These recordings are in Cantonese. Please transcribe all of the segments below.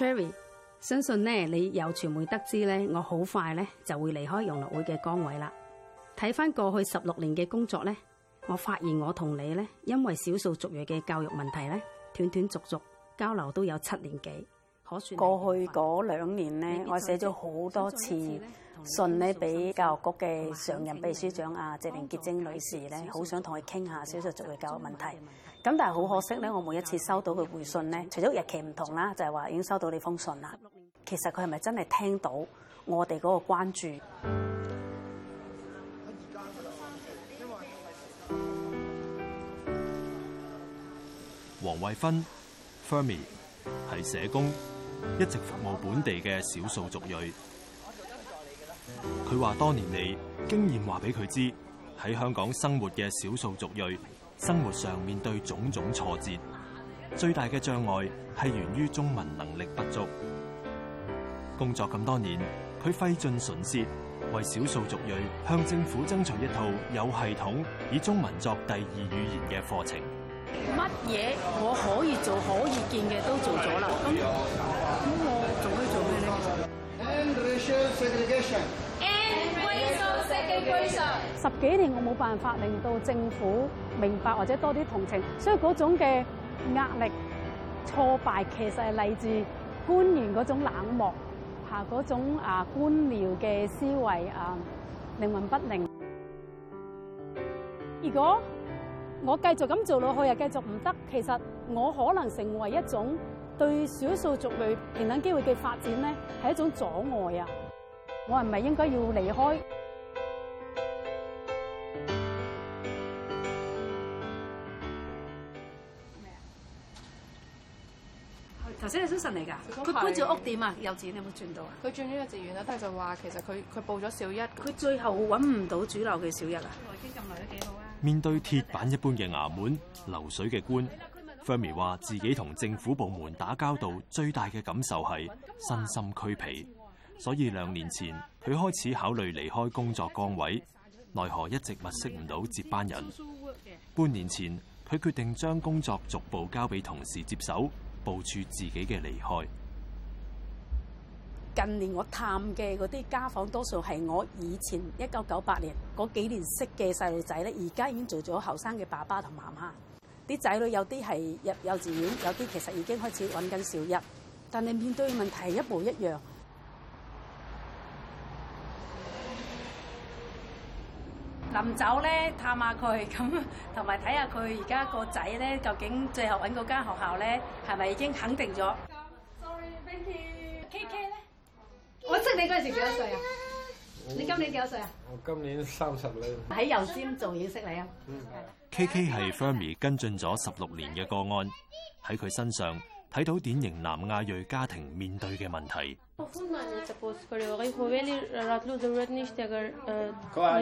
Cherry，相信呢，你有傳媒得知呢，我好快呢就會離開融樂會嘅崗位啦。睇翻過去十六年嘅工作呢，我發現我同你呢，因為少數族裔嘅教育問題呢，斷斷續續交流都有七年幾，可算過去嗰兩年呢，我寫咗好多次。信咧俾教育局嘅常任秘書長阿謝凌潔貞女士咧，好想同佢傾下少數族裔教育問題。咁但係好可惜咧，我每一次收到佢回信咧，除咗日期唔同啦，就係話已經收到呢封信啦。其實佢係咪真係聽到我哋嗰個關注？王惠芬，Fermi 係社工，一直服務本地嘅少數族裔。佢話多年嚟，經驗話俾佢知，喺香港生活嘅少數族裔，生活上面對種種挫折，最大嘅障礙係源於中文能力不足。工作咁多年，佢費盡唇舌，為少數族裔向政府爭取一套有系統以中文作第二語言嘅課程。乜嘢我可以做可以見嘅都做咗啦。十幾年我冇辦法令到政府明白或者多啲同情，所以嗰種嘅壓力挫敗其實係嚟自官員嗰種冷漠嚇，嗰種啊官僚嘅思維啊靈魂不靈。如果我繼續咁做落去又繼續唔得，其實我可能成為一種對少數族裔平等機會嘅發展咧係一種阻礙啊！我係咪應該要離開？頭先係新神嚟噶，佢搬住屋點啊？幼稚園有冇轉到啊？佢轉咗幼稚園啦，但係就話其實佢佢報咗小一，佢最後搵唔到主流嘅小一啊。面對鐵板一般嘅衙門，流水嘅官 Fermi 話自己同政府部門打交道最大嘅感受係身心俱疲。所以兩年前佢開始考慮離開工作崗位，奈何一直物識唔到接班人。半年前佢決定將工作逐步交俾同事接手，部署自己嘅離開。近年我探嘅嗰啲家訪，多數係我以前一九九八年嗰幾年識嘅細路仔咧，而家已經做咗後生嘅爸爸同媽媽。啲仔女有啲係入幼稚園，有啲其實已經開始揾緊小一，但係面對嘅問題一模一樣。臨走咧探下佢，咁同埋睇下佢而家個仔咧，究竟最後搵嗰間學校咧係咪已經肯定咗？咁再變天，K K 咧，K K. 我識你嗰陣時幾多歲啊？我你今年幾多歲啊？我今年三十啦。喺油尖做嘢識你啊。嗯、K K 係 Fermi 跟進咗十六年嘅個案，喺佢身上。睇到典型南亞裔家庭面對嘅問題。佢話：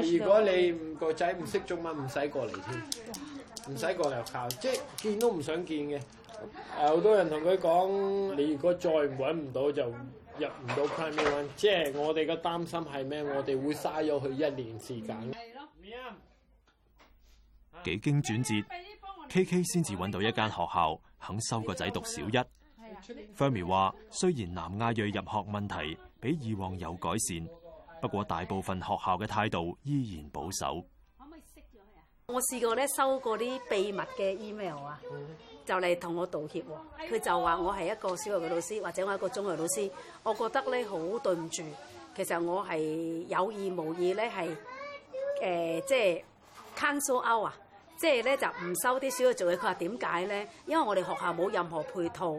如果你個仔唔識中文，唔使過嚟添，唔使過嚟學校，即係見都唔想見嘅。好多人同佢講：你如果再揾唔到，就入唔到 primary one。即係我哋嘅擔心係咩？我哋會嘥咗佢一年時間。幾經轉折，KK 先至揾到一間學校。肯收個仔讀小一，Fermi 話：Ferm 雖然南亞裔入學問題比以往有改善，不過大部分學校嘅態度依然保守。可唔可以熄咗佢啊？我試過咧收過啲秘密嘅 email 啊，就嚟同我道歉喎。佢就話我係一個小學嘅老師，或者我係一個中學老師，我覺得咧好對唔住。其實我係有意無意咧，係誒，即係 cancel out 啊！即係咧就唔收啲小嘅做嘢，佢話點解咧？因為我哋學校冇任何配套，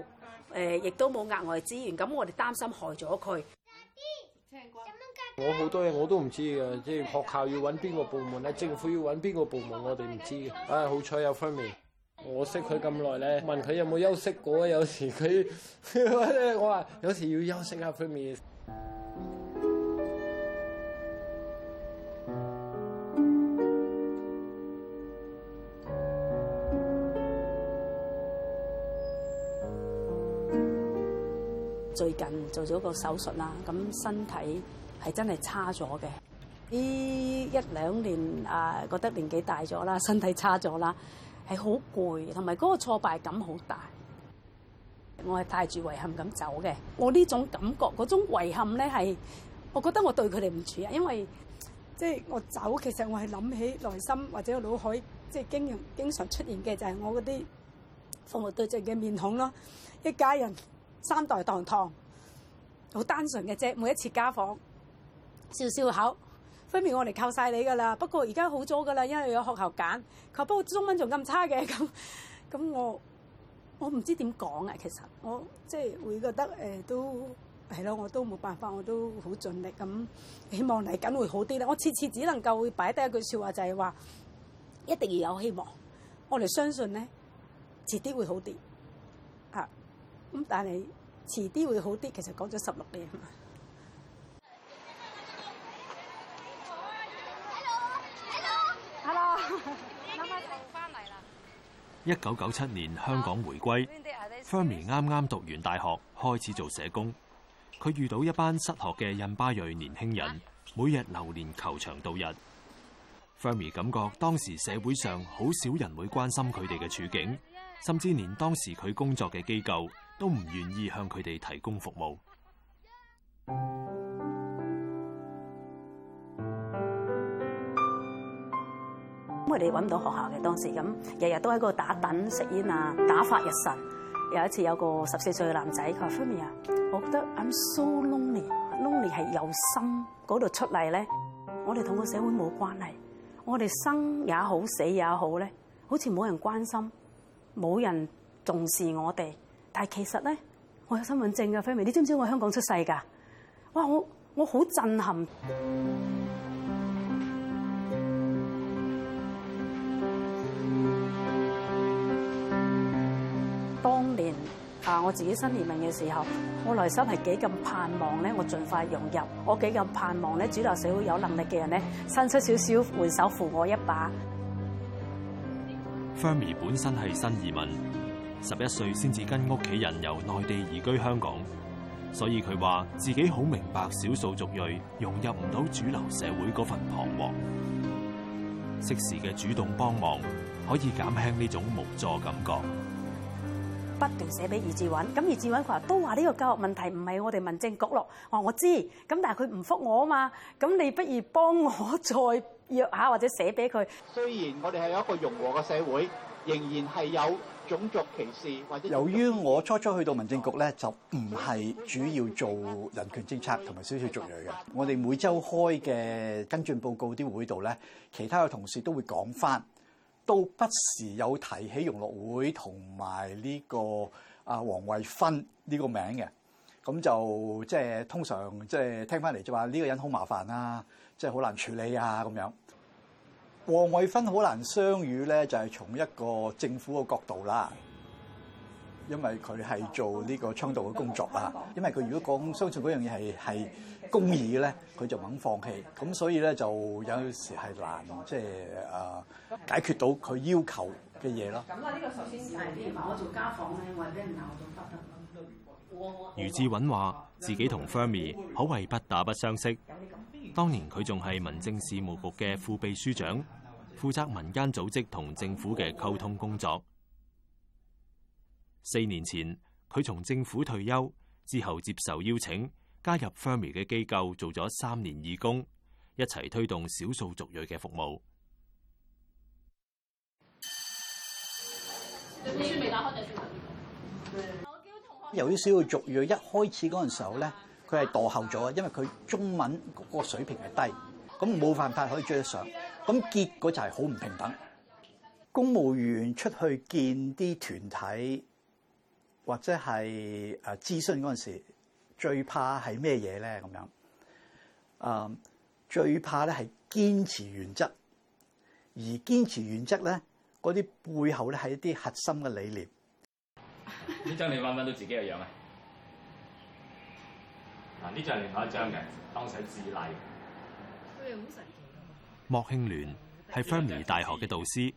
誒亦都冇額外資源，咁我哋擔心害咗佢。我好多嘢我都唔知嘅，即係學校要揾邊個部門咧，政府要揾邊個部門，我哋唔知嘅。啊，好彩有 Fermi，我識佢咁耐咧，問佢有冇休息過啊？有時佢 我話有時要休息下 Fermi 最近做咗個手術啦，咁身體係真係差咗嘅。呢一兩年啊，覺得年紀大咗啦，身體差咗啦，係好攰，同埋嗰個挫敗感好大。我係帶住遺憾咁走嘅。我呢種感覺，嗰種遺憾咧係，我覺得我對佢哋唔住啊，因為即係我走，其實我係諗起內心或者腦海，即係經常經常出現嘅就係我嗰啲服務對象嘅面孔咯，一家人。三代堂堂，好單純嘅啫。每一次家訪，笑笑口，分明我哋靠晒你噶啦。不過而家好咗噶啦，因為有學校揀。佢不過中文仲咁差嘅，咁咁我我唔知點講啊。其實我即係會覺得誒、呃，都係咯，我都冇辦法，我都好盡力咁，希望嚟緊會好啲啦。我次次只能夠會擺低一句説話，就係、是、話一定要有希望，我哋相信咧，遲啲會好啲。咁但係遲啲會好啲，其實講咗十六年。一九九七年香港回歸，Fermi 啱啱讀完大學，開始做社工。佢遇到一班失學嘅印巴裔年輕人，每日流連球場度日。Fermi 感覺當時社會上好少人會關心佢哋嘅處境，甚至連當時佢工作嘅機構。都唔願意向佢哋提供服務。咁我哋揾唔到學校嘅當時，咁日日都喺嗰度打躉食煙啊，打發日晨。有一次有一個十四歲嘅男仔，佢話：Fumi 啊，我覺得 I'm so lonely, lonely 係由心嗰度出嚟咧。我哋同個社會冇關係，我哋生也好，死也好咧，好似冇人關心，冇人重視我哋。但係其實咧，我有身份證噶、啊、Fermi，你知唔知我香港出世噶？哇，我我好震撼。當年啊，我自己新移民嘅時候，我內心係幾咁盼望咧，我盡快融入，我幾咁盼望咧，主流社會有能力嘅人咧，伸出少少援手扶我一把。Fermi 本身係新移民。十一歲先至跟屋企人由內地移居香港，所以佢話自己好明白少數族裔融入唔到主流社會嗰份彷徨。適時嘅主動幫忙可以減輕呢種無助感覺。不斷寫俾余志穩，咁余志穩佢話都話呢個教育問題唔係我哋民政局咯。我我知咁，但係佢唔覆我啊嘛。咁你不如幫我再約下或者寫俾佢。雖然我哋係有一個融和嘅社會，仍然係有。種族歧視或者由於我初初去到民政局咧，就唔係主要做人權政策同埋少數族裔嘅。我哋每周開嘅跟進報告啲會度咧，其他嘅同事都會講翻，都不時有提起融樂會同埋呢個啊王惠芬呢個名嘅。咁就即係通常即係聽翻嚟就話呢個人好麻煩啊，即係好難處理啊咁樣。王惠芬好難相遇咧，就係從一個政府嘅角度啦，因為佢係做呢個倡導嘅工作啊。因為佢如果講相信嗰樣嘢係係公義嘅咧，佢就唔肯放棄。咁所以咧，就有時係難即係啊解決到佢要求嘅嘢咯。咁啊，呢個首先係啲人鬧我做家訪咧，我係俾人鬧到不得了。余志穩話：自己同 Fermi 可謂不打不相識，當年佢仲係民政事務局嘅副秘書長。負責民間組織同政府嘅溝通工作。四年前，佢從政府退休之後，接受邀請加入 Fermi 嘅機構做咗三年義工，一齊推動少數族裔嘅服務。由於少數族裔一開始嗰陣時候咧，佢係墮後咗啊，因為佢中文嗰個水平係低，咁冇辦法可以追得上。咁結果就係好唔平等。公務員出去見啲團體或者係誒諮詢嗰陣時，最怕係咩嘢咧？咁樣誒，最怕咧係堅持原則，而堅持原則咧，嗰啲背後咧係一啲核心嘅理念。呢張你揾唔揾到自己嘅樣啊？嗱，呢張係另外一張嘅，當使自立。莫興聯係 Fermi 大學嘅導師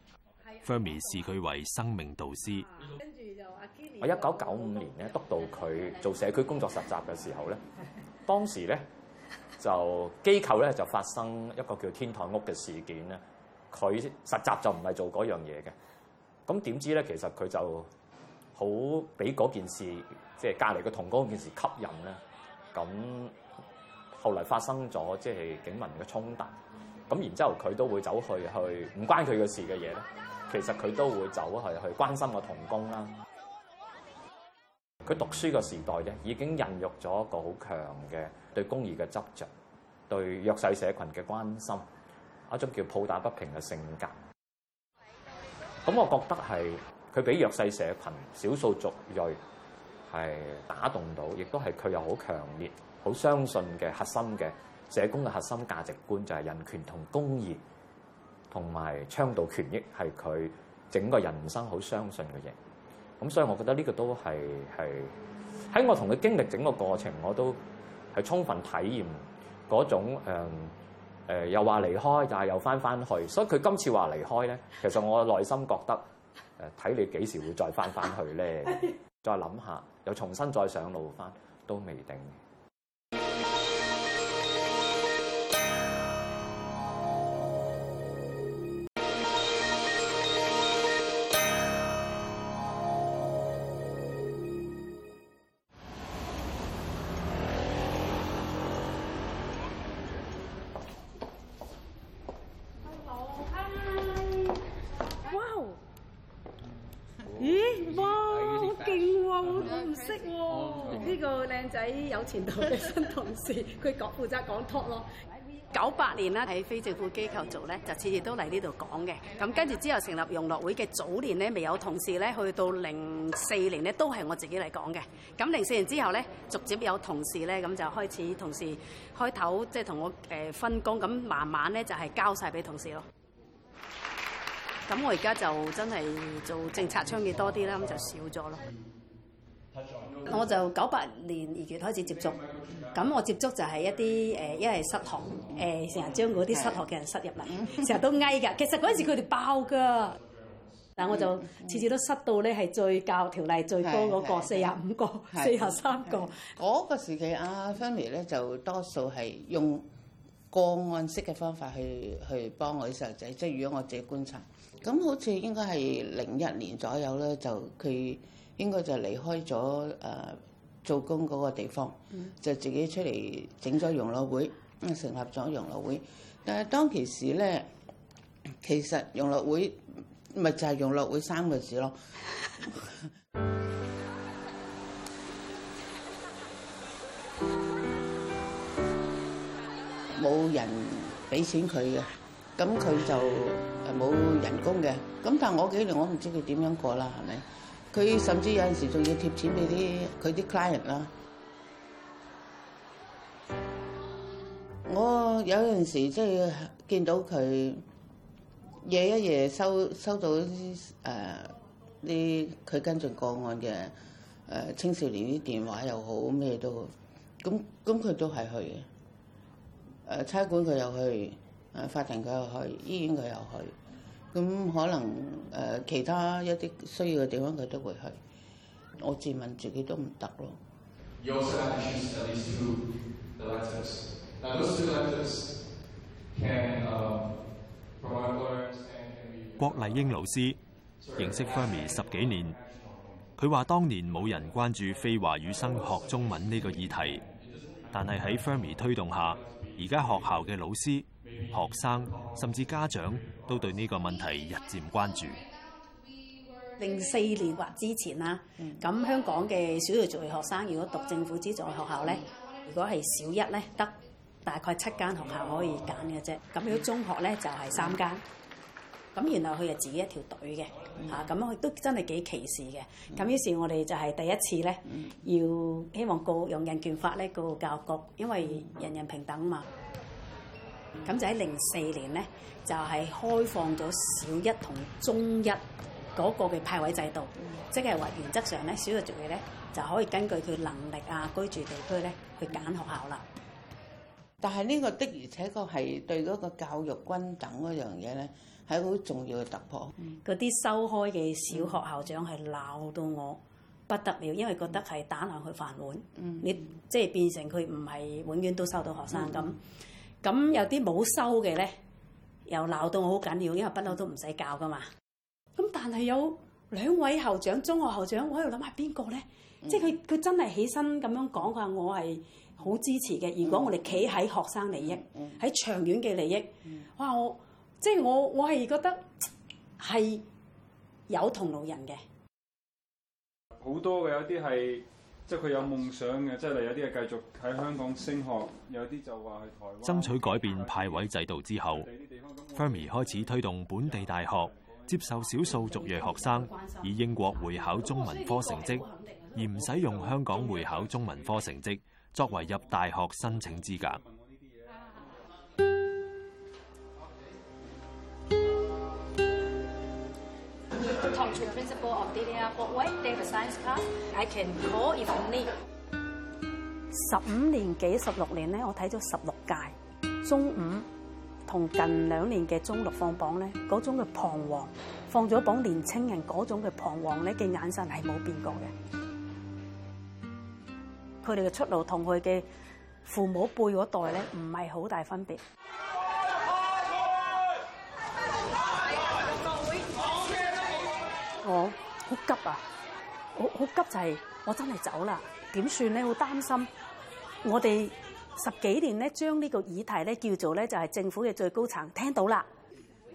，Fermi 視佢為生命導師。跟住就阿 Kenny，我一九九五年咧督導佢做社區工作實習嘅時候咧，當時咧就機構咧就發生一個叫天台屋嘅事件咧。佢實習就唔係做嗰樣嘢嘅，咁點知咧？其實佢就好俾嗰件事，即係隔籬嘅同工嗰件事吸引咧。咁後嚟發生咗即係警民嘅衝突。咁然之後他也，佢都會走去去唔關佢嘅事嘅嘢咧。其實佢都會走去去關心個童工啦。佢讀書個時代呢，已經孕育咗一個好強嘅對公義嘅執着，對弱勢社群嘅關心，一種叫抱打不平嘅性格。咁我覺得係佢俾弱勢社群少數族裔係打動到，亦都係佢有好強烈、好相信嘅核心嘅。社工嘅核心價值觀就係人權同公義，同埋倡導權益係佢整個人生好相信嘅嘢。咁所以，我覺得呢個都係係喺我同佢經歷整個過程，我都係充分體驗嗰種誒、呃呃、又話離開，但係又翻返去。所以佢今次話離開咧，其實我內心覺得誒，睇、呃、你幾時會再翻返去咧？再諗下，又重新再上路翻都未定。喺 有前途嘅新同事，佢講負責講託咯。九八 年啦，喺非政府機構做咧，就次次都嚟呢度講嘅。咁跟住之後成立融樂會嘅早年咧，未有同事咧，去到零四年咧，都係我自己嚟講嘅。咁零四年之後咧，逐漸有同事咧，咁就開始同事開頭即係同我誒分工，咁慢慢咧就係交晒俾同事咯。咁我而家就真係做政策倡議多啲啦，咁就少咗咯。我就九八年二月開始接觸，咁我接觸就係一啲誒，一、呃、係失學，誒成日將嗰啲失學嘅人塞入嚟，成日的都翳㗎。其實嗰陣時佢哋爆㗎，嗯、但我就次次都塞到咧係最教條例最高嗰、那個，四十五個，四十三個。嗰、那個時期阿 Fanny 咧就多數係用個案式嘅方法去去幫我啲細路仔，即、就、係、是、如果我自己觀察，咁好似應該係零一年左右咧，就佢。應該就離開咗誒做工嗰個地方，嗯、就自己出嚟整咗融樂會，成立咗融樂會。但係當其時咧，其實融樂會咪就係、是、融樂會三個字咯，冇 人俾錢佢嘅，咁佢就冇人工嘅。咁但係我幾年我唔知佢點樣過啦，係咪？佢甚至有陣時仲要貼錢俾啲佢啲 client 啦。我有陣時即係見到佢夜一夜收收到啲誒啲佢跟進個案嘅誒、呃、青少年啲電話又好咩都好，咁咁佢都係去嘅。誒差館佢又去，誒法庭佢又去，醫院佢又去。咁可能誒其他一啲需要嘅地方佢都會去。我自問自己都唔得咯。郭麗英老師認識 Fermi 十幾年，佢話當年冇人關注非華語生學中文呢個議題，但係喺 Fermi 推動下，而家學校嘅老師、學生甚至家長都對呢個問題日漸關注。零四年或之前啦，咁、嗯、香港嘅少數族裔學生如果讀政府資助學校咧，如果係小一咧，得大概七間學校可以揀嘅啫。咁如果中學咧就係三間，咁、嗯、原來佢係自己一條隊嘅嚇，咁佢、嗯啊、都真係幾歧視嘅。咁、嗯、於是，我哋就係第一次咧，嗯、要希望告用人權法咧告教育局，因為人人平等嘛。咁、嗯、就喺零四年咧，就係、是、開放咗小一同中一嗰個嘅派位制度，嗯、即係話原則上咧，小學同學咧就可以根據佢能力啊、居住地區咧去揀學校啦。但係呢個的而且確係對嗰個教育均等嗰樣嘢咧，係好重要嘅突破。嗰啲、嗯、收開嘅小學校長係鬧到我不得了，因為覺得係打爛佢飯碗。嗯、你即係、就是、變成佢唔係永遠都收到學生咁。嗯嗯咁有啲冇收嘅咧，又鬧到我好緊要，因為不嬲都唔使教㗎嘛。咁但係有兩位校長，中學校長，我喺度諗係邊個咧？嗯、即係佢佢真係起身咁樣講，佢話我係好支持嘅。如果我哋企喺學生利益，喺、嗯、長遠嘅利益，嗯、哇！我即係我我係覺得係有同路人嘅。好多嘅有啲係。即係佢有夢想嘅，即係例如有啲係繼續喺香港升學，有啲就話去台灣。爭取改變派位制度之後，Fermi 開始推動本地大學接受少數族裔學生，以英國會考中文科成績，而唔使用用香港會考中文科成績作為入大學申請資格。Principal of Tia Fortway Davis Science Class，I can call if need。十五年幾十六年咧，我睇咗十六屆中五同近兩年嘅中六放榜咧，嗰種嘅彷徨，放咗榜年青人嗰種嘅彷徨咧，嘅眼神係冇變過嘅。佢哋嘅出路同佢嘅父母輩嗰代咧，唔係好大分別。我好、哦、急啊！好好急就係我真係走啦，點算咧？好擔心。我哋十幾年咧，將呢個議題咧叫做咧就係政府嘅最高層聽到啦。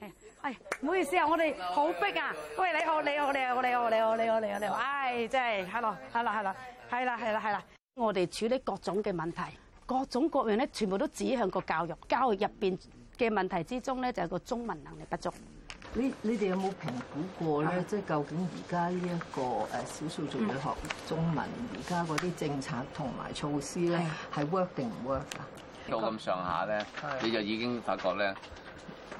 誒、哎，唔好意思啊，我哋好逼啊！喂，你好，你好，你好，你好，你好，你好，你好，你好，唉，哎，真係，hello，係啦，係啦，係啦，係啦，係啦，係啦。我哋處理各種嘅問題，各種各樣咧，全部都指向個教育，教育入面嘅問題之中咧，就係個中文能力不足。你你哋有冇評估過咧？即係的究竟而家呢一個誒少數族裔學中文而家嗰啲政策同埋措施咧的，係 work 定唔 work？到咁上下咧，的你就已經發覺咧。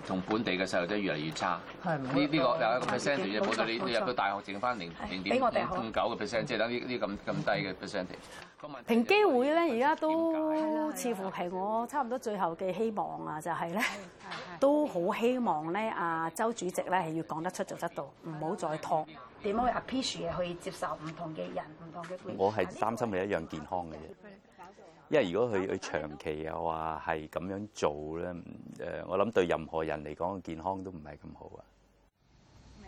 同本地嘅細路仔越嚟越差，呢呢個又一個 percent，而且保到你你入到大學剩翻零零點五九嘅 percent，即係等呢呢咁咁低嘅 percent。平機會咧，而家都似乎係我差唔多最後嘅希望啊！就係咧，都好希望咧啊，周主席咧係要講得出做得到，唔好再拖，點樣 appeal 去接受唔同嘅人、唔同嘅。我係擔心你一樣健康嘅嘢。因為如果佢佢長期又話係咁樣做咧，誒，我諗對任何人嚟講，健康都唔係咁好啊麼。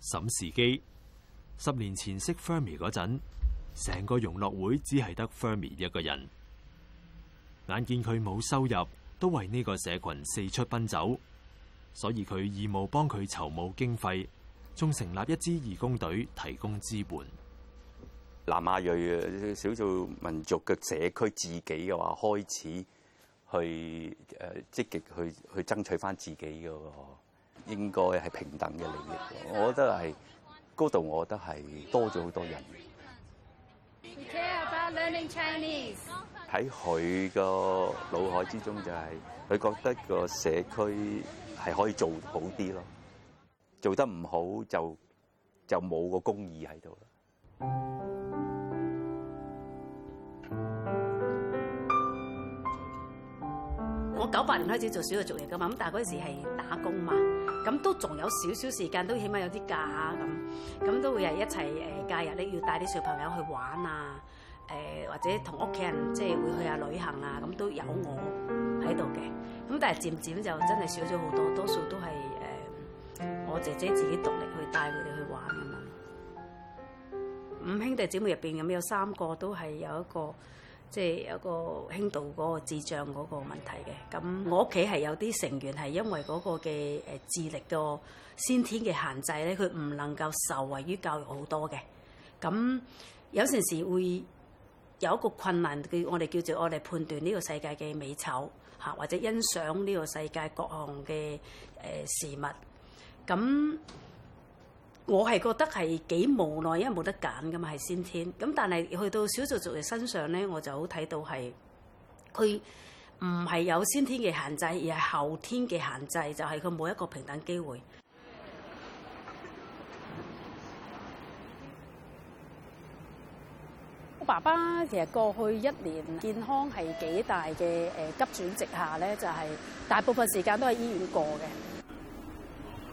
沈時機，十年前識 Fermi 嗰陣，成個融樂會只係得 Fermi 一個人。眼見佢冇收入，都為呢個社群四出奔走，所以佢義務幫佢籌募經費。仲成立一支義工隊，提供資本。南亞裔少數民族嘅社區自己嘅話，開始去誒積極去去爭取翻自己嘅，應該係平等嘅利益。我覺得係高度，我覺得係多咗好多人 care about learning Chinese。喺佢嘅腦海之中，就係，就係佢覺得個社區係可以做好啲咯。做得唔好就，就冇個公義喺度啦。我九八年開始做小學族嚟㗎嘛，咁但係嗰陣時係打工嘛，咁都仲有少少時間，都起碼有啲假咁，咁都會係一齊誒假日咧，要帶啲小朋友去玩啊，誒或者同屋企人即係會去下旅行啊，咁都有我喺度嘅。咁但係漸漸就真係少咗好多，多數都係。我姐姐自己獨力去帶佢哋去玩咁樣，五兄弟姊妹入邊咁有三個都係有一個即係、就是、有一個輕度嗰個智障嗰個問題嘅。咁我屋企係有啲成員係因為嗰個嘅誒智力個先天嘅限制咧，佢唔能夠受惠於教育好多嘅。咁有陣時會有一個困難嘅，我哋叫做我哋判斷呢個世界嘅美醜嚇，或者欣賞呢個世界各項嘅誒事物。咁我係覺得係幾無奈，因為冇得揀噶嘛，係先天。咁但係去到少數族裔嘅身上咧，我就好睇到係佢唔係有先天嘅限制，而係後天嘅限制，就係佢冇一個平等機會。我爸爸其實過去一年健康係幾大嘅誒急轉直下咧，就係、是、大部分時間都喺醫院過嘅。